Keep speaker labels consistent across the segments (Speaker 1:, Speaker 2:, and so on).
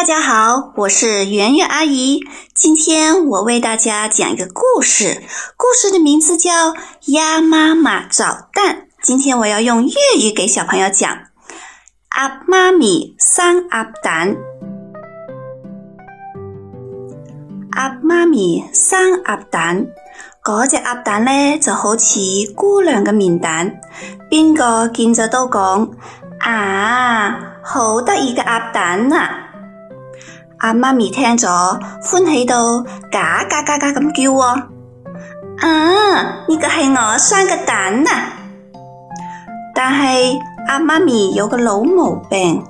Speaker 1: 大家好，我是園子阿姨。今天我為大家講一個故事，故事的名字叫《鴨媽媽找蛋》。今天我要用粵語給小朋友講。鴨、啊、媽咪生鴨蛋，鴨、啊、媽咪生鴨蛋，嗰隻鴨蛋咧就好似姑娘嘅面蛋，邊個見咗都講啊，好得意嘅鴨蛋啊！阿媽咪聽咗歡喜到嘎嘎嘎嘎咁叫啊！呢個係我生嘅蛋啊！但係阿媽咪有個老毛病，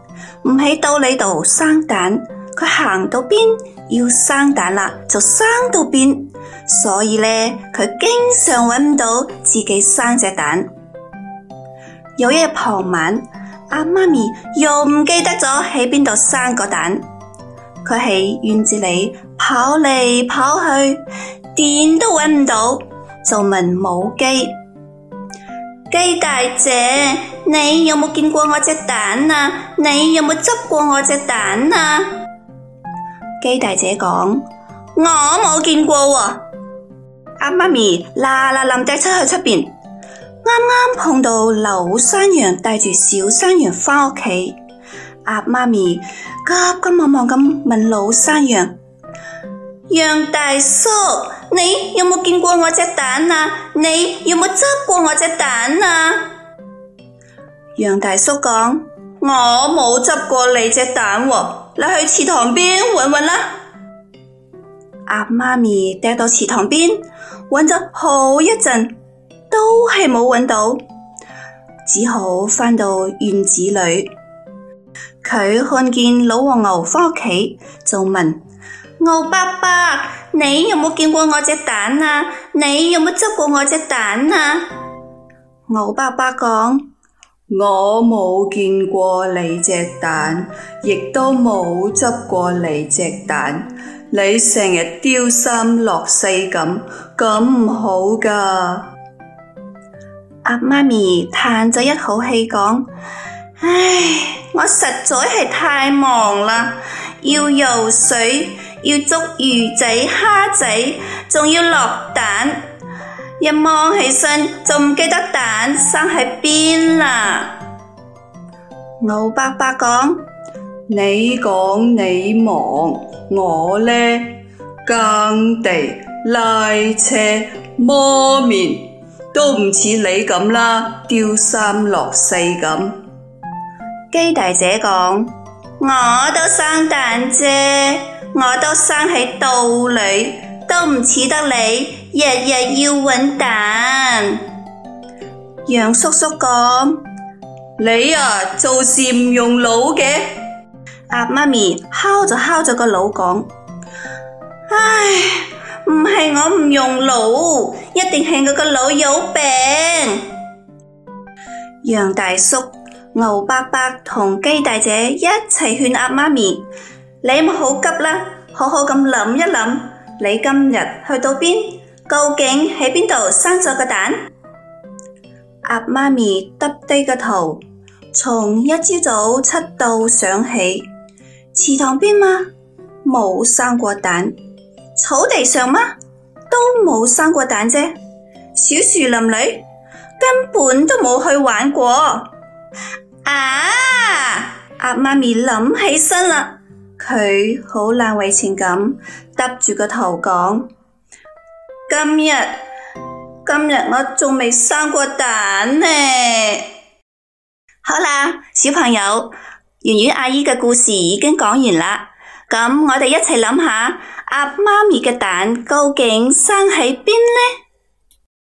Speaker 1: 唔喺到你度生蛋，佢行到邊要生蛋啦，就生到邊。所以咧，佢經常搵唔到自己生隻蛋。有一日傍晚，阿媽咪又唔記得咗喺邊度生個蛋。佢喺院子裏跑嚟跑去，點都揾唔到，就問母雞：雞大姐，你有冇見過我隻蛋啊？你有冇執過我隻蛋啊？雞大姐講：我冇見過。鴨媽咪啦啦冧趯出去出邊，啱啱碰到老山羊帶住小山羊翻屋企，鴨媽咪。阿急忙忙咁問老山羊：楊大叔，你有冇見過我隻蛋啊？你有冇執過我隻蛋啊？楊大叔講：我冇執過你隻蛋喎、啊，你去池塘邊揾揾啦。鴨媽、啊、咪跌到池塘邊，揾咗好一陣，都係冇揾到，只好返到院子裏。佢看見老黃牛返屋企，就問牛伯伯：你有冇見過我隻蛋啊？你有冇執過我隻蛋啊？牛伯伯講：我冇見過你隻蛋，亦都冇執過你隻蛋。你成日丟三落四咁，咁唔好噶。鴨媽咪嘆咗一口氣，講。唉，我實在係太忙啦，要游水，要捉魚仔蝦仔，仲要落蛋，一忙起身就唔記得蛋生喺邊啦。老伯伯講，你講你忙，我呢？耕地拉車磨麵，都唔似你咁啦，丟三落四咁。雞大姐講：我都生蛋啫，我都生喺肚裏，都唔似得你日日要揾蛋。楊叔叔講：你啊做事唔用腦嘅。鴨媽咪敲咗敲咗個腦講：唉，唔係我唔用腦，一定係我個腦有病。楊大叔。牛伯伯同雞大姐一齊勸鴨媽咪：你唔好急啦，好好咁諗一諗，你今日去到邊，究竟喺邊度生咗個蛋？鴨媽咪耷低個頭，從一朝早七到想起池塘邊嗎？冇生過蛋，草地上嗎？都冇生過蛋啫，小樹林裏根本都冇去玩過。啊！鴨媽咪諗起身啦，佢好難為情咁，耷住個頭講：今日，今日我仲未生過蛋呢。好啦，小朋友，圓圓阿姨嘅故事已經講完啦。咁我哋一齊諗下，鴨媽咪嘅蛋究竟生喺邊呢？